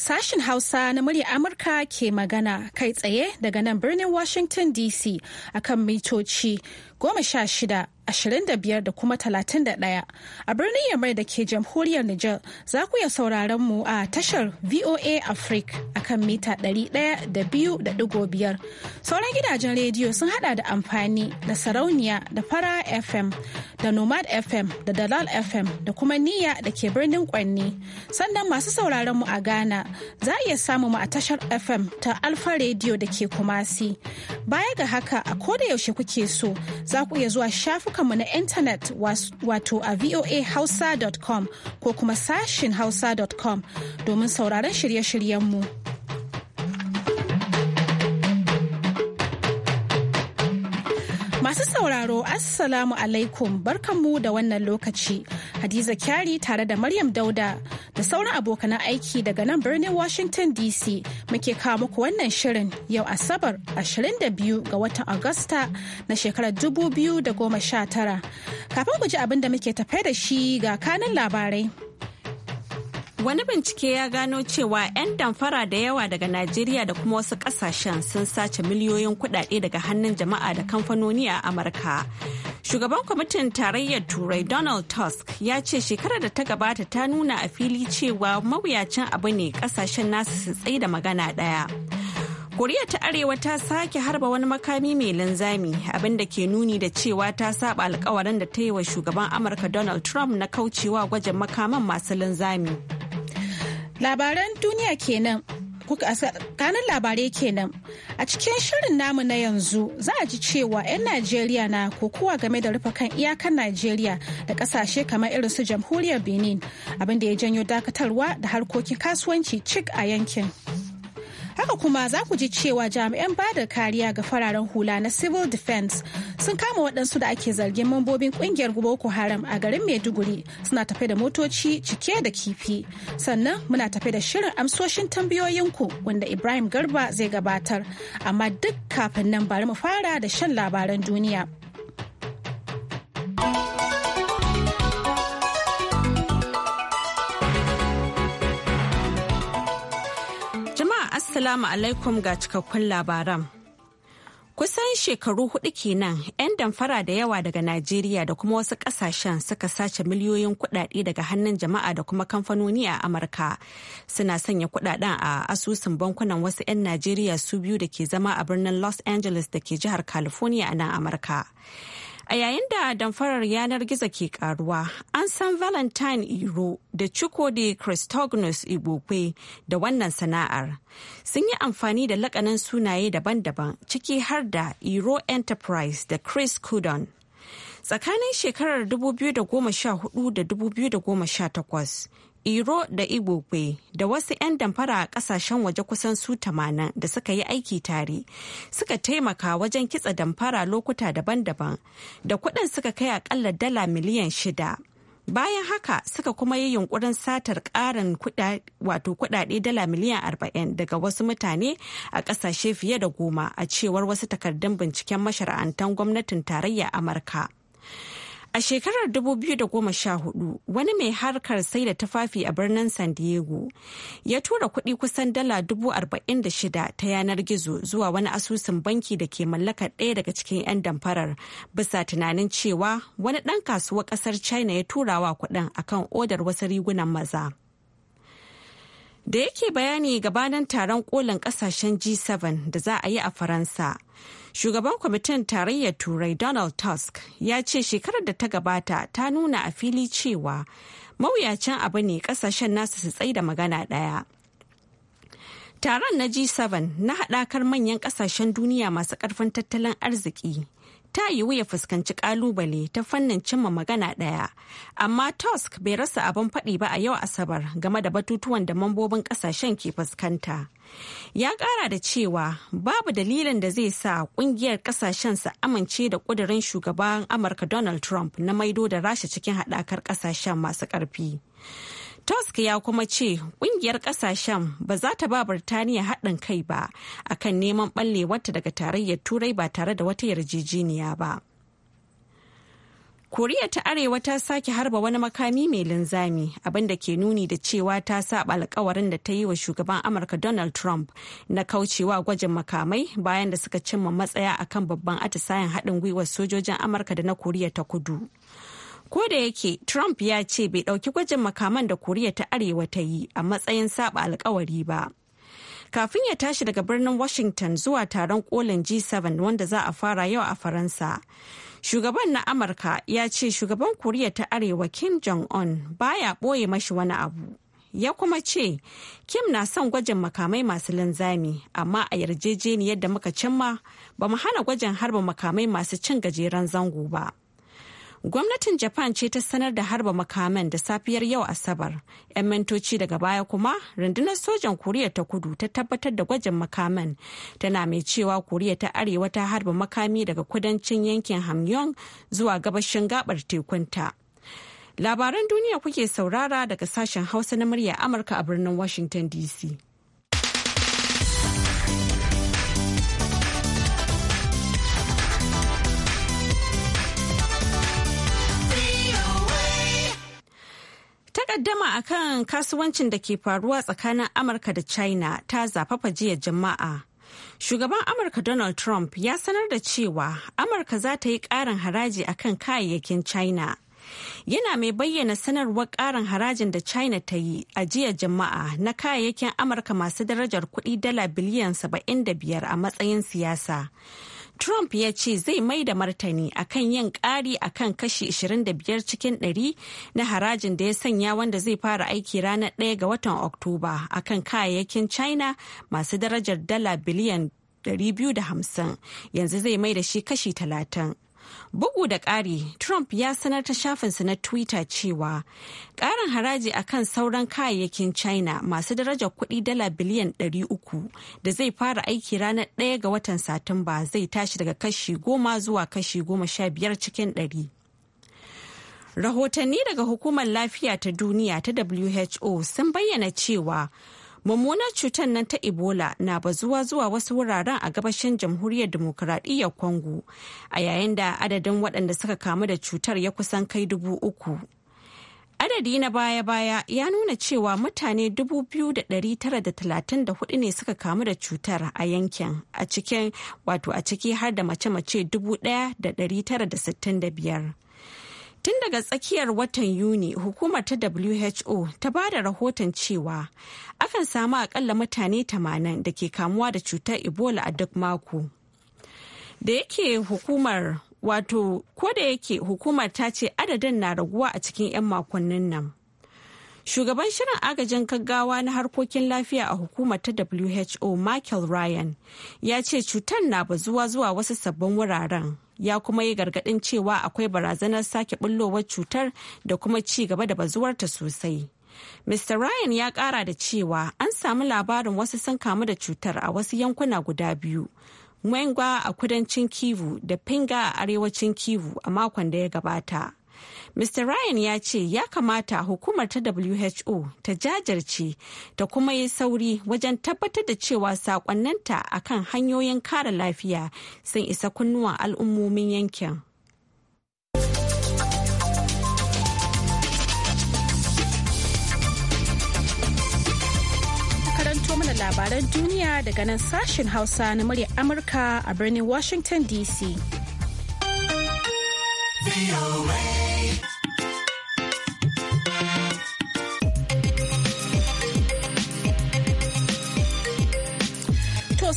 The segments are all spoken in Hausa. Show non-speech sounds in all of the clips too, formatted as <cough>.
Sashen Hausa na murya Amurka ke magana kai tsaye daga nan birnin Washington DC akan mitoci goma sha shida 25 da kuma 31 a birnin Yamai da ke jamhuriyar Nijar za ku iya sauraron mu a tashar VOA Africa akan mita 102.5 sauran gidajen rediyo sun hada da amfani da sarauniya da fara FM da Nomad FM da Dalal FM da kuma Niyya da ke birnin Kwanni sannan masu sauraron mu a Ghana za a iya samu mu a tashar FM ta Alfa Radio da ke Kumasi baya ga haka a koda yaushe kuke so za ku iya zuwa shafukan shafukanmu na intanet wato a voahausa.com ko kuma sashin hausa.com domin sauraron shirye-shiryenmu. Masu sauraro, Assalamu alaikum barkanmu da wannan lokaci. Hadiza Kyari tare da Maryam Dauda da sauran abokan aiki daga nan birnin Washington DC muke kawo muku wannan shirin yau Asabar 22 ga watan Agusta na shekarar 2019. Kafin ku ji abin da muke tafai da shi ga kanan labarai. Wani bincike ya gano cewa 'yan damfara da yawa daga Najeriya da kuma wasu kasashen sun sace miliyoyin kuɗaɗe daga hannun jama'a da kamfanoni a Amurka. Shugaban kwamitin tarayyar Turai Donald Tusk ya ce shekarar da ta gabata ta nuna a fili cewa mawuyacin abu ne kasashen nasu su tsaye da magana ɗaya. koriya ta arewa ta sake harba wani makami mai linzami Abin da ke nuni da cewa ta saba alkawarin da ta yi wa shugaban amurka donald trump na kaucewa gwajin makaman masu linzami labaran duniya kenan kanan labarai kenan a cikin shirin namu na yanzu za a ji cewa 'yan najeriya na kokowa game da rufe kan iyakan najeriya da kasashe kamar irin su jamhuriyar benin abinda ya janyo dakatarwa da harkokin kasuwanci cik a yankin. Haka kuma za ku ji cewa jami'an bada kariya ga fararen hula na Civil Defense sun kama waɗansu da ake zargin mambobin ƙungiyar Boko Haram a garin Maiduguri suna tafe da motoci cike da kifi. Sannan muna tafe da shirin amsoshin tambayoyinku wanda Ibrahim Garba zai gabatar. Amma duk kafin nan bari mu fara da shan labaran duniya. Assalamu alaikum ga cikakkun labaran. Kusan shekaru hudu kenan 'yan damfara da yawa daga Najeriya da kuma wasu kasashen suka sace miliyoyin kudade daga hannun jama'a da kuma kamfanoni a Amurka. Suna sanya kudaden a asusun bankunan wasu 'yan Najeriya su biyu da ke zama a birnin Los Angeles da ke jihar California a nan Amurka. A yayin da damfarar yanar gizo ke karuwa, an san Valentine Iro da de Christognus Igbokwe da wannan sana'ar. Sun yi amfani da lakanan sunaye daban-daban ciki har da Iro Enterprise da Chris Kudon. Tsakanin shekarar 2014 da 2018, iro da Igbokwe da wasu 'yan damfara a kasashen waje kusan su tamanin da suka yi aiki tare suka taimaka wajen kitsa damfara lokuta daban-daban da kuɗin suka kai akalla dala miliyan shida bayan haka suka kuma yi yunkurin satar ƙarin wato kuɗaɗe dala miliyan arba'in daga wasu mutane a ƙasashe fiye da goma a cewar wasu takardun binciken mashara'antan gwamnatin tarayya amurka A shekarar 2014 wani mai harkar sai da tufafi a birnin San Diego ya tura kuɗi kusan dala 46,000 ta yanar gizo zuwa wani asusun banki da ke mallakar ɗaya daga cikin 'yan damfarar bisa tunanin cewa wani ɗan kasuwa ƙasar China ya tura turawa kuɗin kan odar wasu rigunan maza. Da yake bayani gabanin taron kolin ƙasashen G7 da za a yi a Faransa. Shugaban kwamitin tarayyar Turai Donald Tusk ya ce shekarar da ta gabata ta nuna a fili cewa mawuyacin abu ne kasashen nasu su tsai da magana ɗaya. Taron na G7 na haɗakar manyan ƙasashen duniya masu ƙarfin tattalin arziki ta yiwu ya fuskanci kalubale ta fannin cimma magana ɗaya amma tusk bai rasa abin faɗi ba a yau asabar game da batutuwan da mambobin ƙasashen ke fuskanta ya ƙara da cewa babu dalilin da zai sa ƙungiyar ƙasashen su amince da ƙudurin shugaban amurka donald trump na maido da rasha cikin haɗakar ƙasashen masu ƙarfi Tusk ya kuma ce kungiyar kasashen ba za ta ba Birtaniya haɗin kai ba akan neman ɓallewarta daga tarayyar Turai ba tare da wata yarjejeniya ba. koriya ta arewa ta sake harba wani makami mai linzami abinda ke nuni da cewa ta saba alkawarin da ta yi wa shugaban amurka donald trump na kaucewa gwajin makamai bayan da suka cimma matsaya akan babban atisayen haɗin gwiwar sojojin amurka da na koriya ta kudu Ko da yake Trump ya ce bai dauki gwajin makaman da Koriya ta Arewa ta yi a matsayin saba alkawari ba. Kafin ya tashi daga birnin Washington zuwa taron kolin G7 wanda za a fara yau a Faransa. Shugaban na Amurka ya ce shugaban Koriya ta Arewa Kim Jong-un baya ɓoye mashi wani abu. ya kuma ce kim na son gwajin makamai masu linzami amma a yarjejeniyar da muka cimma ba mu hana gwajin harba makamai masu cin gajeren zango ba. Gwamnatin Japan ce ta sanar da harba makaman da safiyar yau Asabar. 'Yan mintoci daga baya kuma, rundunar sojan Koriya ta kudu ta tabbatar da gwajin makaman. Tana mai cewa Koriya ta arewa ta harba makami daga kudancin yankin Hamyong zuwa gabashin gabar tekunta. Labaran duniya kuke saurara daga sashen Hausa na murya Amurka a birnin Washington DC. Takaddama a kan kasuwancin da ke faruwa tsakanin Amurka da China ta zafafa jiya jama'a. Shugaban Amurka Donald Trump ya sanar da cewa Amurka za ta yi ƙarin haraji a kan kayayyakin China. Yana mai bayyana sanarwar ƙarin harajin da China ta yi a jiya jama'a na kayayyakin Amurka masu darajar kuɗi dala biliyan 75 a matsayin siyasa. Trump ya ce zai mai da martani akan yin ƙari akan kashi 25 cikin 100 na harajin da ya sanya wanda zai fara aiki ranar 1 ga watan Oktoba a kan kayayyakin China masu darajar dala biliyan 250 yanzu zai mai da shi kashi 30. Bugu da ƙari, Trump ya sanar ta shafinsa na Twitter cewa ƙarin haraji akan sauran kayayyakin China masu darajar kuɗi dala biliyan 300 da zai fara aiki ranar ɗaya ga watan Satumba zai tashi daga kashi goma zuwa kashi goma sha biyar cikin ɗari. Rahotanni daga Hukumar Lafiya ta Duniya ta WHO sun bayyana cewa mummunar cutar nan ta ebola na bazuwa zuwa wasu wuraren a gabashin jamhuriyar demokuraɗiyyar Kongo a yayin da adadin waɗanda suka kamu da cutar ya kusan kai dubu uku adadi na baya-baya ya nuna cewa mutane da da tara talatin hudu ne suka kamu da cutar a yankin a cikin wato a ciki har da mace-mace biyar. Tun daga tsakiyar watan Yuni hukumar ta WHO ta ba da rahoton cewa akan samu akalla mutane 80 da ke kamuwa da cutar Ebola a duk mako. Da yake hukumar wato ko da yake hukumar ta ce adadin na raguwa a cikin 'yan makonnin nan. Shugaban shirin agajin gaggawa na harkokin lafiya a hukumar ta WHO Michael Ryan ya ce cutar na bazuwa zuwa wasu sabbin wuraren. Ya kuma yi gargadin cewa akwai barazanar sake bullowar cutar da kuma ci gaba da bazuwarta sosai. Mr. Ryan ya ƙara da cewa an samu labarin wasu sun kamu da cutar a wasu yankuna guda biyu. Mwengwa a kudancin Kivu da Pinga a arewacin Kivu a makon da ya gabata. Mr. Ryan ya ce ya kamata hukumar ta WHO ta jajirce ta kuma yi sauri wajen tabbatar da cewa a kan hanyoyin kare lafiya sun isa kunnuwan al'ummomin yankin. makaranto mana labaran duniya daga nan sashen hausa na murya amurka a birnin washington dc.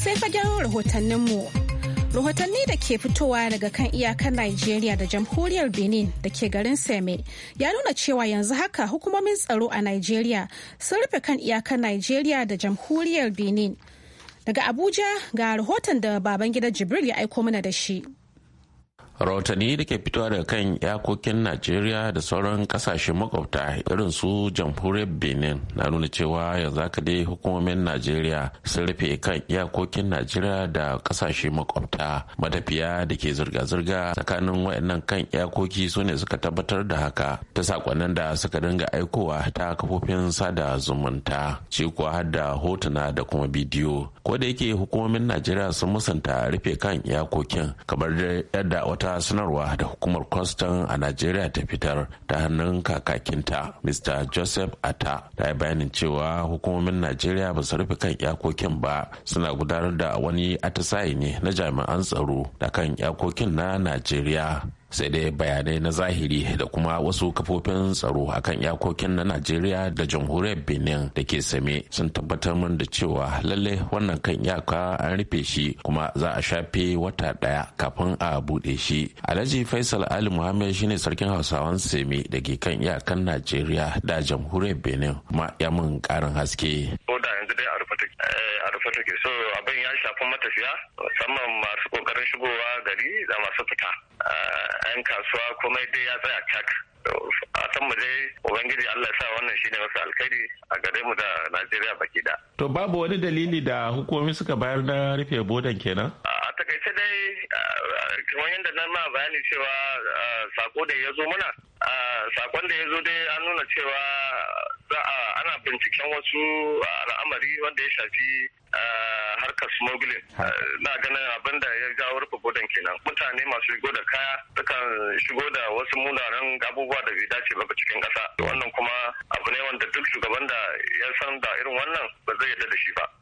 sai fagen rahotanninmu. Rahotanni da ke fitowa daga kan iyakar Najeriya da jamhuriyar Benin da ke garin Seme ya nuna cewa yanzu haka hukumomin tsaro a Najeriya sun rufe kan iyakar Najeriya da jamhuriyar Benin. Daga Abuja ga rahoton da baban gida Jibril ya aiko mana da shi. rahotanni da ke fitowa daga kan yakokin najeriya da sauran kasashe makwabta irin su jamhuriyar benin na nuna cewa yanzu haka dai hukumomin najeriya sun rufe kan iyakokin najeriya da kasashe makwabta matafiya da ke zirga-zirga tsakanin waɗannan kan iyakoki su ne suka tabbatar da haka ta sakonnin da suka dinga aikowa ta kafofin sada zumunta ci kuwa har da hotuna da kuma bidiyo ko da yake hukumomin najeriya sun musanta rufe kan iyakokin kamar yadda wata wata sanarwa da hukumar kwastan a najeriya ta fitar ta hannun kakakinta mr joseph atta ta yi bayanin cewa hukumomin najeriya ba su rufe kan iyakokin ba suna gudanar da wani atisaye ne na jami'an tsaro da kan iyakokin na najeriya sai dai bayanai na zahiri da kuma wasu kafofin tsaro akan iyakokin na najeriya da jamhuriyar benin da ke same sun tabbatar min da cewa lalle wannan kan iyaka an rufe shi kuma za a shafe wata daya kafin a buɗe shi alhaji faisal ali muhammed shine sarkin hausawan seme da ke kan iyakan najeriya da jamhuriyar benin kuma ya min karin haske suke so abin ya shafi matafiya musamman masu kokarin shigowa gari da masu fita eh, yan kasuwa komai dai ya tsaya cak a san mu dai ubangiji Allah sa wannan shine masu alkhairi a gare mu da Najeriya baki da to babu wani dalili da hukumomi suka bayar na rufe bodan kenan a takaice dai eh, kamar yadda na ma bayani cewa eh, sako da ya zo mana. sakon da ya zo dai an nuna cewa za a ana binciken wasu al'amari wanda ya shafi harkar smuggling na ganin abin da ya jawo rufe godon kenan mutane masu shigo da kaya sukan shigo da wasu munanan abubuwa da bai dace ba cikin ƙasa wannan kuma abu ne wanda duk shugaban da ya san da irin wannan ba zai yarda da shi ba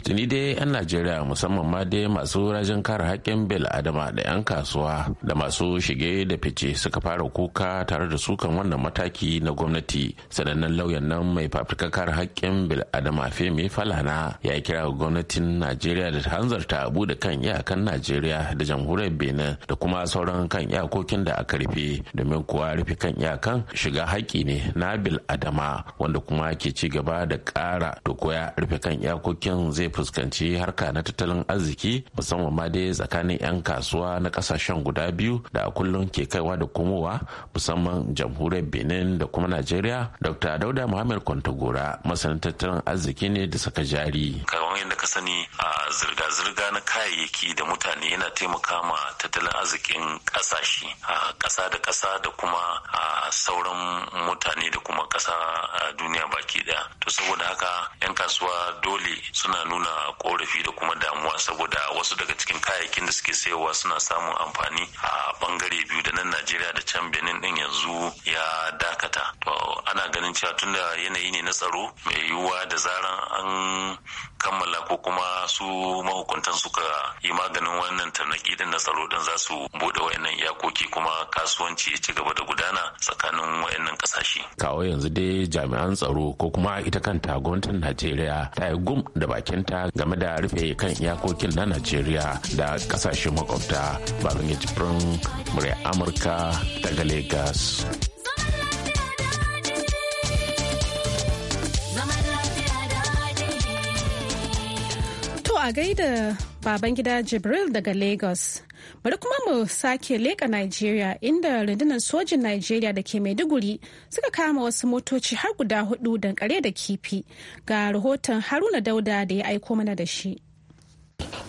tuni dai 'yan najeriya musamman ma dai masu rajin kare haƙƙin bil adama da 'yan kasuwa da masu shige da fice suka fara kuka tare da sukan wannan mataki na gwamnati sanannen lauyan nan mai fafutukar kare haƙƙin bil adama femi falana ya kira ga gwamnatin najeriya da ta hanzarta abu da kan iyakan najeriya da jamhuriyar benin da kuma sauran kan iyakokin da aka rufe domin kuwa rufe kan iyakan shiga haƙƙi ne na bil adama wanda kuma ke ci gaba da ƙara da koya rufe kan iyakokin zai fuskanci harka na tattalin arziki musamman ma dai tsakanin 'yan kasuwa na kasashen guda biyu da a kullum ke kaiwa da komowa musamman jamhuriyar benin da kuma najeriya dr dauda muhammad kwantagora masanin tattalin arziki ne da saka jari kamar yadda ka sani a zirga-zirga na kayayyaki da mutane yana taimaka ma tattalin arzikin kasashe a kasa da kasa da kuma a sauran mutane da kuma kasa duniya baki daya to saboda haka 'yan kasuwa dole suna Ana nuna korafi da kuma damuwa saboda wasu daga cikin kayayyakin da suke sayarwa suna samun amfani a bangare biyu da nan najeriya da can benin din yanzu ya dakata to ana ganin cewa tunda yanayi ne na tsaro mai yiwuwa da zaran an kammala ko kuma su mahukuntan suka yi maganin wannan tarnaki din na tsaro din za su bude wayannan iyakoki kuma kasuwanci ya ci gaba da gudana tsakanin wayannan kasashe kawo yanzu dai jami'an tsaro ko kuma ita kanta gwamnatin najeriya ta yi gum da baki bakinta game da rufe kan iyakokin na najeriya da kasashen makwabta babin yajibirin murya amurka daga lagos a gaida baban Babangida Jibril daga Lagos. Bari kuma mu sake leƙa Najeriya inda rundunar sojin Najeriya da ke Maiduguri suka kama wasu motoci har guda hudu dankare da kifi ga rahoton Haruna Dauda da ya aiko mana da shi.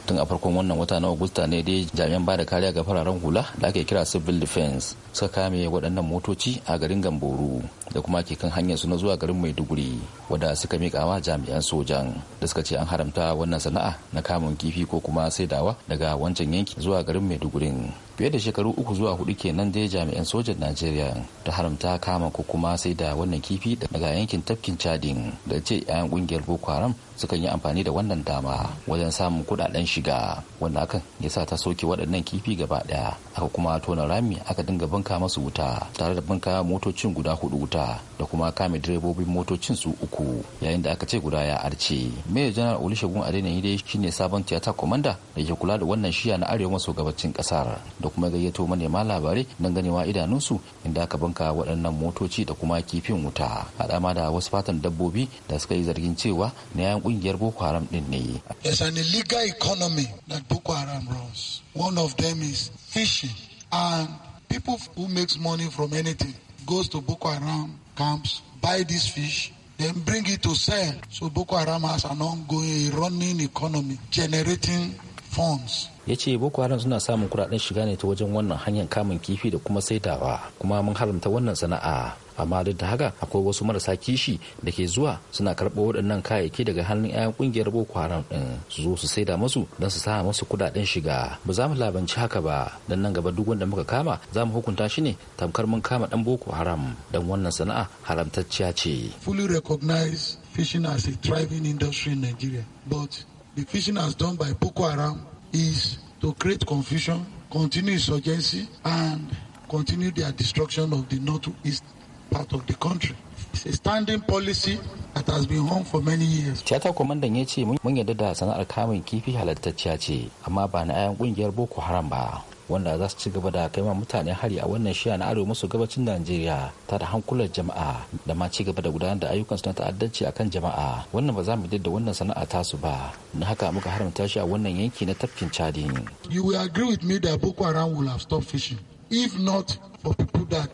tun a farkon wannan wata na augusta ne dai jami'an bada kariya ga fararen hula da ake kira civil defense suka kame waɗannan motoci a garin Gamboru da kuma ke kan hanyar su na zuwa garin Maiduguri wadda suka miƙa wa jami'an sojan da suka ce an haramta wannan sana'a na kamun kifi ko kuma saidawa daga wancan yanki zuwa garin maidugurin Fiye da shekaru uku zuwa hudu kenan dai jami'an sojan Najeriya ta haramta kama ko kuma saida wannan kifi daga yankin tafkin Chadin da ce 'yan kungiyar Boko Haram sukan yi amfani da wannan dama wajen samun kudaden shiga wanda hakan ya sa ta soke waɗannan kifi gaba ɗaya aka kuma tona rami aka dinga banka masu wuta tare da banka motocin guda hudu wuta da kuma kame direbobin motocin su uku yayin da aka ce guda ya arce mayor janar olusegun adeniyi dai shine sabon tiyata komanda da ke kula da wannan shiya na arewa maso gabacin kasar da kuma gayyato manema labarai don ganewa idanunsu inda aka banka waɗannan motoci da kuma kifin wuta a da wasu fatan dabbobi da suka yi zargin cewa na yayan kungiyar Boko Haram din ne. There's an illegal economy that Boko Haram runs. One of them is fishing and people who makes money from anything goes to Boko Haram camps, buy this fish, then bring it to sell. So Boko Haram has an ongoing running economy generating funds. ya ce boko haram suna samun kudaden shiga ne ta wajen wannan hanyar kamun kifi da kuma saidawa kuma mun haramta wannan sana'a amma duk da haka akwai wasu marasa kishi da ke zuwa suna karɓo waɗannan kayayyaki daga hannun 'ya'yan ƙungiyar boko haram ɗin su zo su saida musu don su sa musu kuɗaɗen shiga ba za mu labanci haka ba don nan gaba duk wanda muka kama za mu hukunta shi ne tamkar mun kama ɗan boko haram don wannan sana'a haramtacciya ce. fully recognize fishing as a thriving industry in Nigeria but the fishing as done by Boko Haram is to create confusion continue insurgency and continue their destruction of the northeast part of the country. It's a standing policy that has been home for many years. Tiyata kwamandan ya ce mun yarda da sana'ar kamun kifi halattacciya ce, amma ba na 'ya'yan kungiyar Boko Haram ba. wanda za su ci gaba da kai ma mutane hari a wannan shiya na arewa maso gabacin Najeriya ta da hankular jama'a da ma ci gaba da gudanar da ayyukan su na ta'addanci akan jama'a wannan ba za mu da wannan sana'a tasu ba na haka muka haramta shi a wannan yanki na tafkin Chadi. You will agree with me that Boko Haram will have stopped fishing if not for people that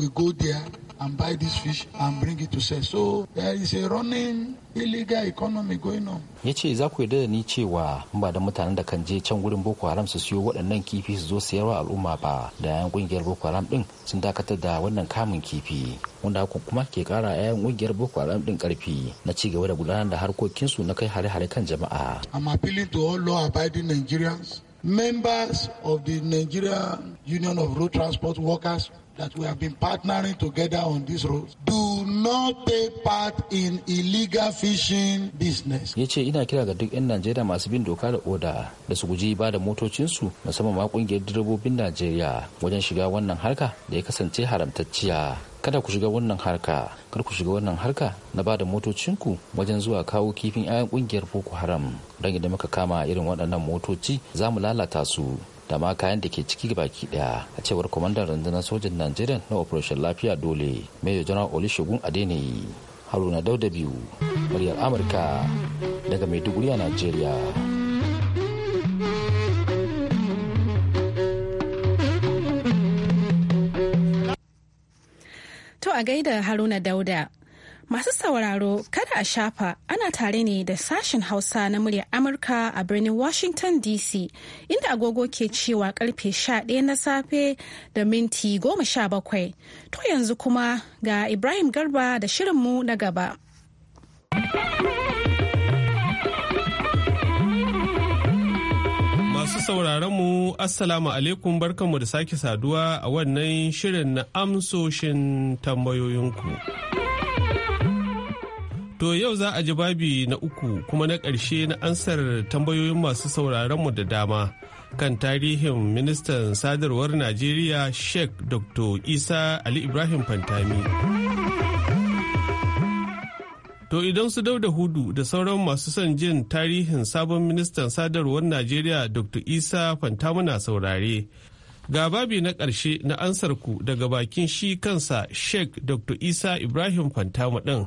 we go there and buy this fish and bring it to sell. So there is a running illegal economy going on. Ya ce za ku yarda da ni cewa ba da mutanen da kan je can gurin Boko Haram su siyo waɗannan kifi su zo sayarwa al'umma ba da yan ƙungiyar Boko Haram ɗin sun dakatar da wannan kamun kifi wanda hakan kuma ke ƙara yan ƙungiyar Boko Haram ɗin ƙarfi na ci gaba da gudanar da harkokinsu na kai hare-hare kan jama'a. I'm appealing to all law-abiding Nigerians members of the Nigeria Union of Road Transport Workers that we have been partnering together on this road do not take part in illegal fishing business. Ya ce ina kira ga duk 'yan Najeriya masu bin doka da oda da su guji ba da motocinsu musamman ma kungiyar direbobin Najeriya wajen shiga wannan harka da ya kasance haramtacciya. Kada ku shiga wannan harka, kar ku shiga wannan harka na ba da motocinku wajen zuwa kawo kifin 'ya'yan kungiyar Boko Haram. Don idan muka kama irin waɗannan motoci za mu lalata su. da ma kayan da ke ciki baki daya a cewar kwamandan rundunar sojin najeriya na operation lafiya dole major general olusegun adeniyi haruna dauda biyu muryar amurka daga maiduguri a najeriya to a gaida haruna dauda Masu sauraro kada a shafa ana tare ne da sashen Hausa na muryar Amurka a birnin Washington DC inda agogo ke cewa karfe 11 na safe da minti 17. To yanzu kuma ga Ibrahim Garba da shirinmu na gaba. Masu sauraronmu Assalamu alaikum barkanmu da sake saduwa a wannan shirin na amsoshin tambayoyinku. To yau za a ji babi na uku kuma na ƙarshe na ansar tambayoyin masu sauraronmu da dama kan tarihin ministan sadarwar Najeriya Sheikh Dr. Isa Ali Ibrahim Fantami. To idan su dauda hudu da sauran masu son jin tarihin sabon ministan sadarwar Najeriya Dr. Isa Fantami na saurare. ga babi na ƙarshe na ansarku daga bakin shi kansa sheikh dr isa ibrahim Fantamu. ɗin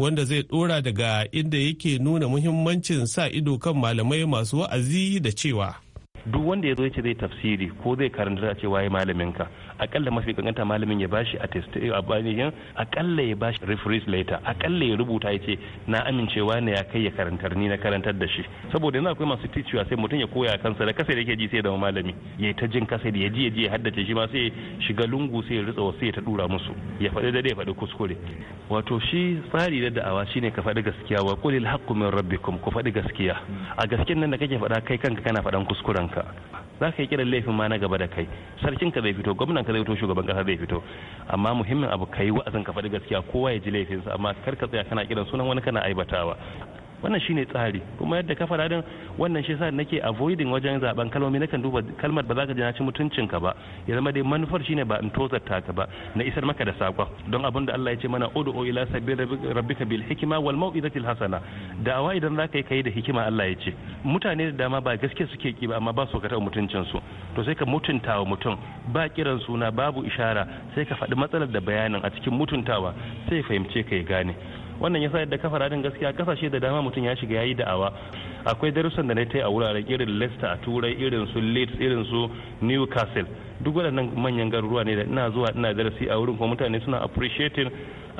wanda zai dora daga inda yake nuna muhimmancin sa ido kan malamai masu wa'azi da cewa duk wanda ya zo ya ce zai tafsiri ko zai karanta a cewa ya malamin ka akalla mafi kankanta malamin ya bashi eh, a test a bayan akalla ya bashi reference later akalla ya rubuta ya ce na amincewa ne ya kai ya karantar ni na karantar da shi saboda yanzu akwai masu tituwa sai mutum ya koya kansa da kasa da yake ji sai da malami ya ta jin kasa da ya ji ya ji ya haddace shi ma sai shiga lungu sai ya ritsa wasu ya ta dura musu ya faɗi da ya faɗi kuskure wato shi tsari da da'awa shine ka faɗi gaskiya wa qulil haqqu min rabbikum ku faɗi gaskiya a gaskiyar nan da kake faɗa kai kanka kana faɗan kuskuren ka za ka yi kiran laifin ma na gaba da kai sarkin ka zai fito gwamnan ka zai fito shugaban kasa zai fito amma muhimmin abu ka yi wa'azin ka faɗi gaskiya kowa ya ji laifinsa amma kar ka tsaya kana kiran sunan wani kana aibatawa wannan shine tsari kuma yadda ka faɗa din wannan shi yasa nake avoiding wajen zaben kalmomi na kan duba kalmar ba za ka ji na ci mutuncin ka ba ya zama dai manufar shine ba in tozarta ka ba na isar maka da sakon don abin da Allah ya ce mana ud'u ila sabbi rabbika bil hikma wal mau'izatil hasana da'awa idan za ka yi kai da hikima Allah ya ce mutane da dama ba gaske suke ki ba amma ba su ka taɓa mutuncin su to sai ka mutunta wa mutum ba kiran suna babu ishara sai ka faɗi matsalar da bayanin a cikin mutuntawa sai fahimce ka ya gane wannan ya sa yadda kafa radin gaskiya kasashe da dama mutum ya shiga yayi da'awa akwai darussan da na ta yi a wuraren irin Leicester a Turai irin su Leeds irin su Newcastle duk waɗannan manyan garuruwa ne da ina zuwa ina darasi a wurin kuma mutane suna appreciating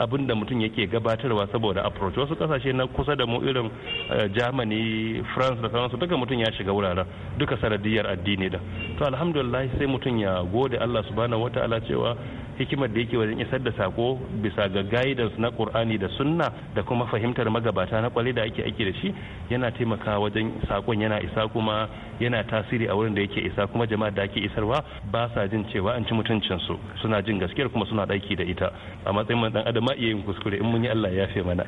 abin da mutum yake gabatarwa saboda approach wasu kasashe na kusa da mu irin eh, germany france da sauransu duka mutum ya shiga wuraren duka sanadiyar addini da to alhamdulillah sai mutum ya gode allah subhanahu wataala cewa hikimar da yake wajen isar da sako bisa ga guidance na qur'ani da sunna da kuma fahimtar magabata na kwale da ake aiki da shi yana taimakawa wajen sakon yana isa kuma yana tasiri a wurin da yake isa kuma jama'a da ake isarwa ba sa jin cewa an ci mutuncinsu suna jin gaskiyar kuma suna daiki da ita a matsayin dan adam ma iya yin kuskure in mun yi Allah ya fi mana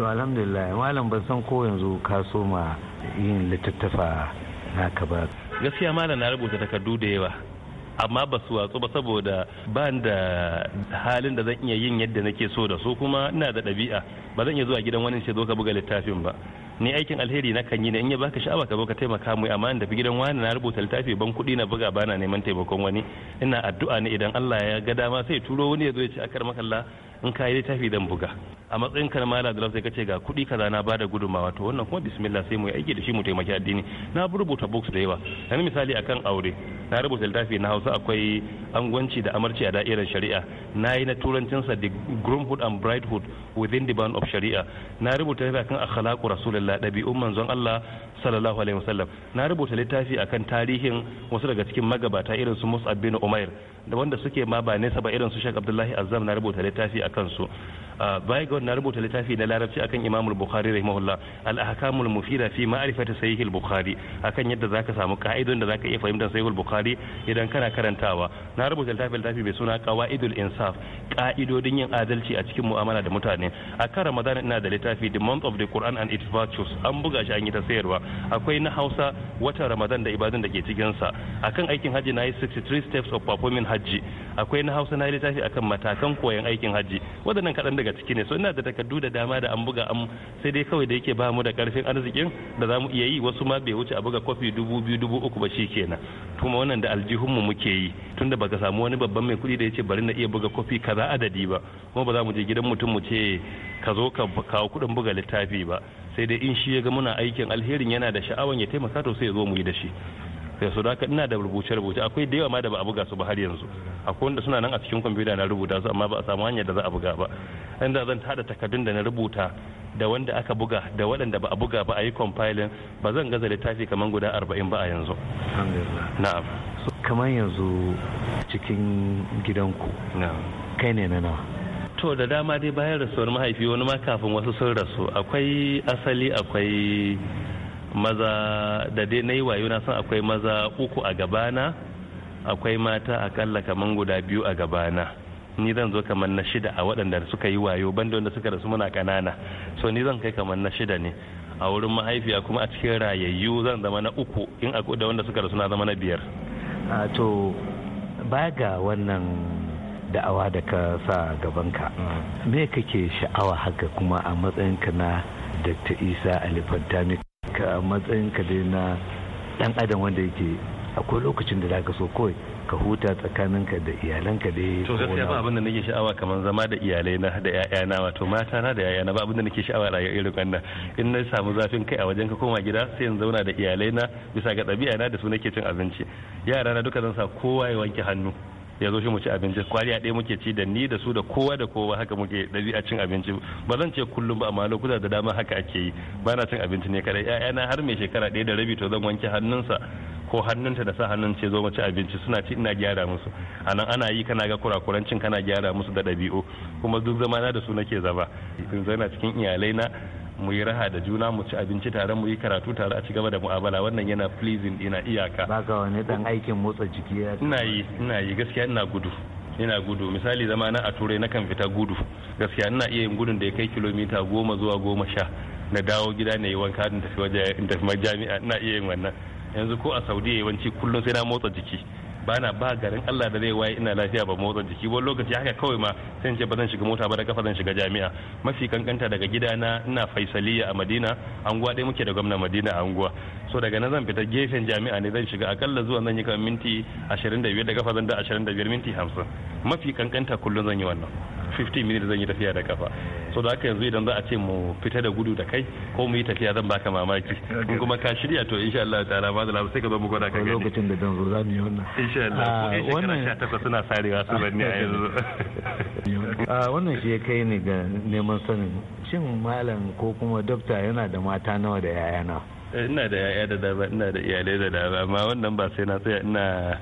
to alhamdulillah malam ban san ko yanzu ka so ma yin littattafa naka ba gaskiya malam na rubuta takardu da yawa amma ba su watsu ba saboda ba da halin da zan iya yin yadda nake so da su kuma ina da ɗabi'a ba zan iya zuwa gidan wani ce zo ka buga littafin ba ni aikin alheri na kan yi ne in ya baka sha'awa ka zo ka taimaka mu amma in tafi gidan wani na rubuta littafi ban kuɗi na buga bana neman taimakon wani ina addu'a ne idan Allah ya ga dama sai turo wani ya zo ya ce akar makalla in ka yi littafi dan buga a matsayin ka na mala da ka ce ga kuɗi kaza na bada gudunmawa to wannan kuma bismillah sai mu yi aiki da shi mu taimaki addini na rubuta books da yawa yanzu misali akan aure na rubuta littafi na Hausa akwai angwanci da amarci a da'irar shari'a na yi na turancinsa the groomhood and bridehood within the band of shari'a na rubuta littafi akan akhlaqu rasulullah ɗabi'un manzon Allah sallallahu alaihi wasallam na rubuta littafi akan tarihin wasu daga cikin magabata irin su Mus'ab bin Umair da wanda suke ma ba nesa ba irin su Sheikh Abdullahi Azzam na rubuta littafi a su baya ga na rubuta littafi na larabci akan imam bukhari rahimahullah al ahkamul mufida fi ma'rifati sahih bukhari akan yadda zaka samu ka'idun da zaka iya fahimtar sahih bukhari idan kana karantawa na rubuta littafi littafi mai suna qawaidul insaf ka'idodin yin adalci a cikin mu'amala da mutane akan ramadan ina da littafi the month of the quran and its virtues an buga shi an yi ta sayarwa akwai na hausa watan ramadan da ibadun da ke cikin sa akan aikin haji na yi 63 steps of performing hajji akwai na hausa na yi littafi akan matakan koyon aikin hajji waɗannan kaɗan daga daga ciki ne so ina da takardu da dama da an buga am sai dai kawai da yake ba mu da karfin arzikin da za mu iya yi wasu ma bai wuce a buga kofi dubu biyu dubu uku ba shi kenan kuma wannan da aljihunmu muke yi tunda baka samu wani babban mai kuɗi da ya ce bari na iya buga kofi kaza adadi ba kuma ba za mu je gidan mutum mu ce ka zo ka kawo kuɗin buga littafi ba sai dai in shi ya ga muna aikin alherin yana da sha'awan ya taimaka to sai ya zo mu yi da shi sai su da ina da rubuce rubuce akwai da yawa ma da ba a buga su ba har yanzu akwai wanda suna nan a cikin kwamfuta na rubuta su amma ba a samu hanyar da za a buga ba inda zan tada takardun da na rubuta da wanda aka buga da waɗanda ba a buga ba a yi compiling ba zan gaza littafi kamar guda arba'in ba a yanzu na'am kamar yanzu cikin gidanku kai ne na nawa to da dama dai bayan rasuwar mahaifi wani ma kafin wasu sun rasu akwai asali akwai maza da dai na yi wayo na san akwai maza uku a gabana akwai mata akalla kaman guda biyu a gabana ni zan zo kamar na shida a waɗanda suka yi wayo banda wanda suka rasu muna ƙanana so ni zan kai kaman na shida ne a wurin mahaifiya kuma a cikin rayayyu zan zama na uku in a da wanda suka rasu na zama na biyar to ba ga wannan da'awa da ka sa gaban ka me kake sha'awa haka kuma a matsayinka na dr isa alifantami ka matsayin ka dai na dan adam wanda yake akwai lokacin da zaka so kawai ka huta tsakaninka da iyalanka dai to gaskiya ba abinda nake sha'awa kamar zama da iyalai na da na wato mata na da na ba abinda nake sha'awa rayuwar irin wannan in na samu zafin kai a wajen ka koma gida sai in zauna da iyalai na bisa ga ɗabi'a na da su nake cin abinci yara na duka zan sa kowa ya wanke hannu ya zo shi mu ci abinci kwariya ɗaya muke ci da ni da su da kowa da kowa haka muke ɗabi'a cin abinci ba zan ce kullum ba amma lokuta da dama haka ake yi ba na cin abinci ne kadai yayana har mai shekara ɗaya da rabi to zan wanke hannunsa ko hannunta da sa hannun ce zo mu ci abinci suna ci ina gyara musu anan ana yi kana ga kurakuran cin kana gyara musu da ɗabi'u kuma duk zamana da su nake zaba in zauna cikin iyalai na mu yi raha da juna mu ci abinci tare mu yi karatu tare a ci gaba da mu'amala wannan yana pleasing ina iyaka baka wani dan aikin motsa jiki ya ina yi ina yi gaskiya ina gudu ina gudu misali zama na a turai na kan fita gudu gaskiya ina iya yin gudun da ya kai kilomita goma zuwa goma sha na dawo gida na yi wanka in tafi waje in tafi majami'a ina iya yin wannan yanzu ko a saudiya yawanci kullum sai na motsa jiki bana ba garin Allah da zai waye ina lafiya ba motsa jiki wani lokaci haka kawai ma sai ce ba zan shiga mota ba da kafa zan shiga jami'a mafi kankanta daga gidana ina faisaliya a Madina anguwa ɗaya muke da gwamna Madina a anguwa so daga nan zan fita gefen jami'a ne zan shiga akalla zuwa zan yi kamar minti 25 da kafa zan da 25 minti 50 mafi kankanta kullum zan yi wannan 15 minutes zan yi tafiya da kafa so da haka yanzu idan za a ce mu fita da gudu da kai ko mu yi tafiya zan baka mamaki in kuma ka shirya to insha Allah ta'ala ba da sai ka zo mu gwada ka gani lokacin da dan zo za mu yi wannan insha Allah ah, wannan sha takwas suna sarewa su banni a yanzu <laughs> ah, wannan shi ya kai ni ga neman sanin shin malam ko kuma dokta yana da mata nawa da yayana Eh, ina da yaya da dama ina da iyalai da dama amma wannan ba sai na tsaya ina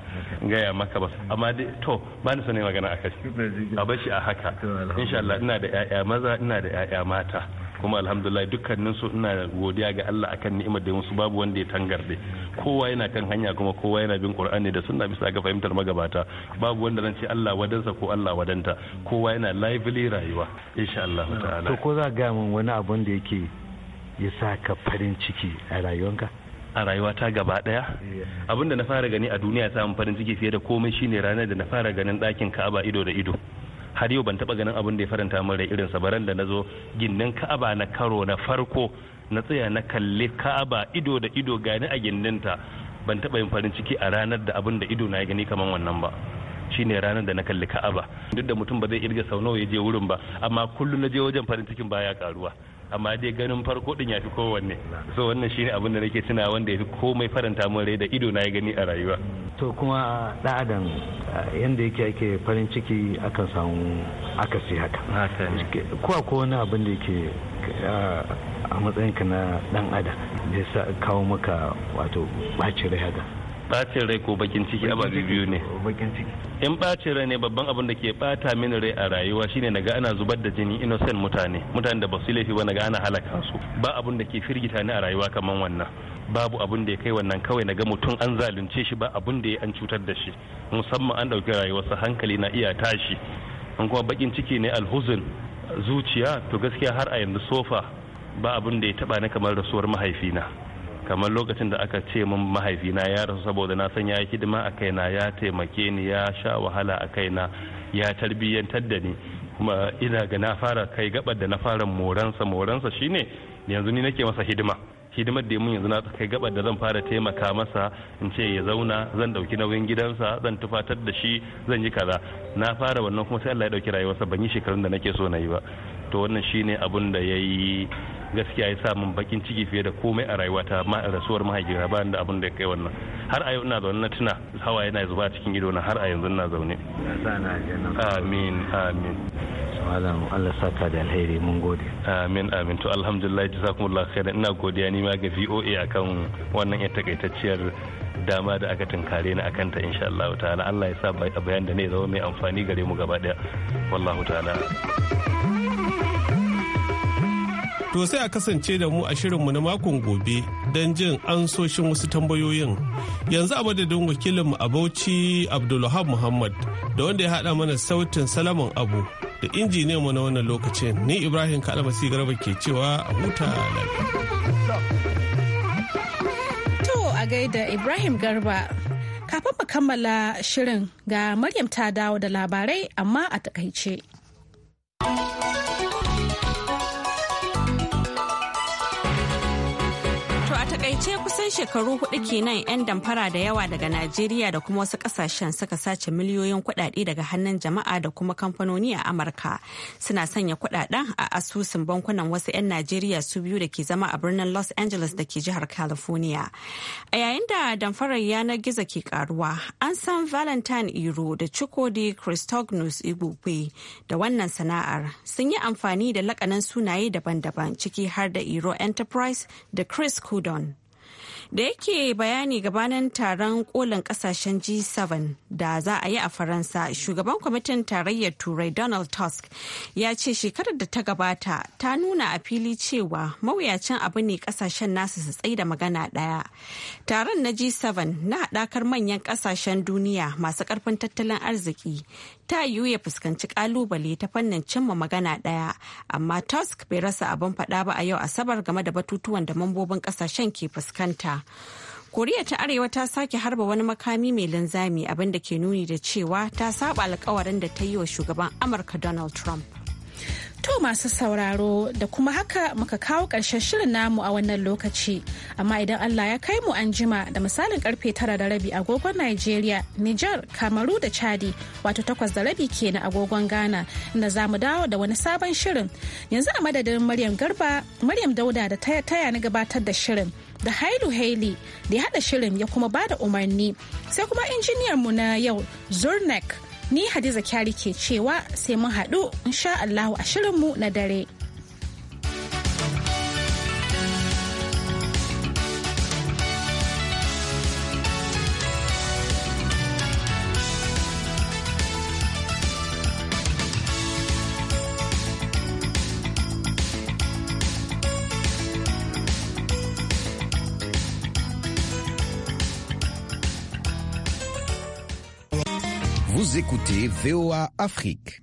gaya maka ba amma dai to ba ni sanin magana akai a bashi a haka insha Allah ina da yaya maza ina da yaya mata kuma alhamdulillah dukkanin su ina godiya ga Allah akan ni'imar da musu babu wanda ya tangarde kowa yana kan hanya kuma kowa yana bin Qur'ani da sunna bisa ga fahimtar magabata babu wanda zan ce Allah wadansa ko Allah wadanta kowa yana lively rayuwa insha Allah ta'ala to ko za ga mun wani abun da yake ya sa ka farin ciki a rayuwanka a rayuwata gaba daya abin da na fara gani a duniya ya samun farin ciki fiye da komai shine ranar da na fara ganin ɗakin ka'aba ido da ido har yau ban taba ganin abin da ya faranta min rai irin sabaran da na zo gindin ka'aba na karo na farko na tsaya na kalli ka'aba ido da ido gani a gindinta ban taba yin farin ciki a ranar da abin da ido na ya gani kamar wannan ba shine ranar da na kalli ka'aba duk da mutum ba zai irga sau nawa ya je wurin ba amma kullum na je wajen farin cikin baya karuwa amma dai ganin farko din yafi kowanne so wannan shine abin da nake tuna wanda yafi komai faranta min rai da ido na ya gani a rayuwa to kuma da adam yanda yake ake farin ciki akan samu akasi haka ko ko wani abin da yake a matsayinka na dan adam da ya kawo maka wato bacin rai haka bacin rai ko bakin ciki ababe biyu ne in bacin rai ne babban abin da ke bata mini rai a rayuwa shine na ga ana zubar da jini innocent mutane mutane da ba su laifi ba naga ana halaka su ba abin da ke firgita ni a rayuwa kamar wannan babu abin da ya kai wannan kawai na naga mutum an zalunce shi ba abin da ya an cutar da shi musamman an ɗauki rayuwarsa hankali na iya tashi in kuma bakin ciki ne alhuzun zuciya to gaskiya har a yanzu sofa ba abin da ya taba ni kamar rasuwar mahaifina kamar lokacin da aka ce min mahaifina ya rasu saboda na san ya yi hidima a kaina ya taimake ni ya sha wahala a kaina ya tarbiyyantar da ni kuma ina ga na fara kai gabar da na fara moransa moransa shine yanzu ni nake masa hidima hidimar da mun yanzu na kai gabar da zan fara taimaka masa in ce ya zauna zan dauki nauyin gidansa zan tufatar da shi zan yi kaza na fara wannan kuma sai Allah ya dauki rayuwarsa ban yi shekarun da nake so na yi ba to wannan shine abun da yayi gaskiya ya sa min bakin ciki fiye da komai a rayuwata ma rasuwar mahaifiyar bayan da abin da ya kai wannan har a yau ina zaune na tuna hawa yana zuba cikin ido na har a yanzu ina zaune amin amin malam Allah saka da alheri mun gode amin amin to alhamdulillah jazakumullah khairan ina godiya ni ma ga VOA akan wannan ita takaitacciyar dama da aka tunkare ni akan ta insha Allah ta'ala Allah ya sa bayan da ne zama mai amfani gare mu gaba daya wallahu ta'ala To sai a kasance da mu a shirinmu na makon gobe don jin ansoshin wasu tambayoyin. Yanzu a madadin wakilinmu a Bauchi Abdulhab Muhammad da wanda ya haɗa mana sautin salaman Abu da injiniyanmu na wannan lokacin ni Ibrahim Kalmasi Garba ke cewa a huta To a gaida Ibrahim Garba kafin mu kammala shirin ga Maryam ta dawo da labarai amma a takaice. Kusan shekaru hudu kenan 'yan damfara da yawa daga Najeriya da kuma wasu kasashen suka sace miliyoyin kudade daga hannun jama'a da kuma kamfanoni a Amurka. Suna sanya kudaden a asusun bankunan wasu 'yan Najeriya su biyu da ke zama a birnin Los Angeles da ke jihar California. A yayin da damfarar yanar gizo ke karuwa, an san Valentine Iro da Chukwudi Christognus Igbokwe da wannan sana'ar sun yi amfani da lakanan sunaye daban-daban ciki har da Iro Enterprise da Chris Kudon. da yake bayani gabanin taron kolin kasashen g7 da za a yi a faransa shugaban kwamitin tarayyar turai donald tusk ya ce shekarar da ta gabata ta nuna a fili cewa mawuyacin abu ne kasashen nasu su da magana daya taron na g7 na haɗakar manyan kasashen duniya masu ƙarfin tattalin arziki ta yiwu ya fuskanci kalubale ta fannin cimma magana ɗaya amma tusk bai rasa abin faɗa ba a yau asabar game da batutuwan da mambobin ƙasashen ke fuskanta koriya ta arewa ta sake harba wani makami mai linzami abinda ke nuni da cewa ta saba alkawarin da ta yi wa shugaban amurka donald trump To masu sauraro da kuma haka muka kawo ƙarshen shirin namu a wannan lokaci. Amma idan Allah ya kai mu an jima da misalin karfe tara da rabi agogon Najeriya, Nijar, Kamaru da Chadi wato takwas da rabi ke kenan agogon Ghana inda za mu dawo da wani sabon shirin. Yanzu a madadin Maryam Garba, Maryam Dauda da taya taya na gabatar da shirin. Da Hailu Hailey da ya haɗa shirin ya kuma bada umarni. Sai kuma injiniyar mu na yau Zurnek. Ni Hadiza Kyari ke cewa sai mun haɗu insha Allahu a shirinmu na dare. écoutez VOA Afrique.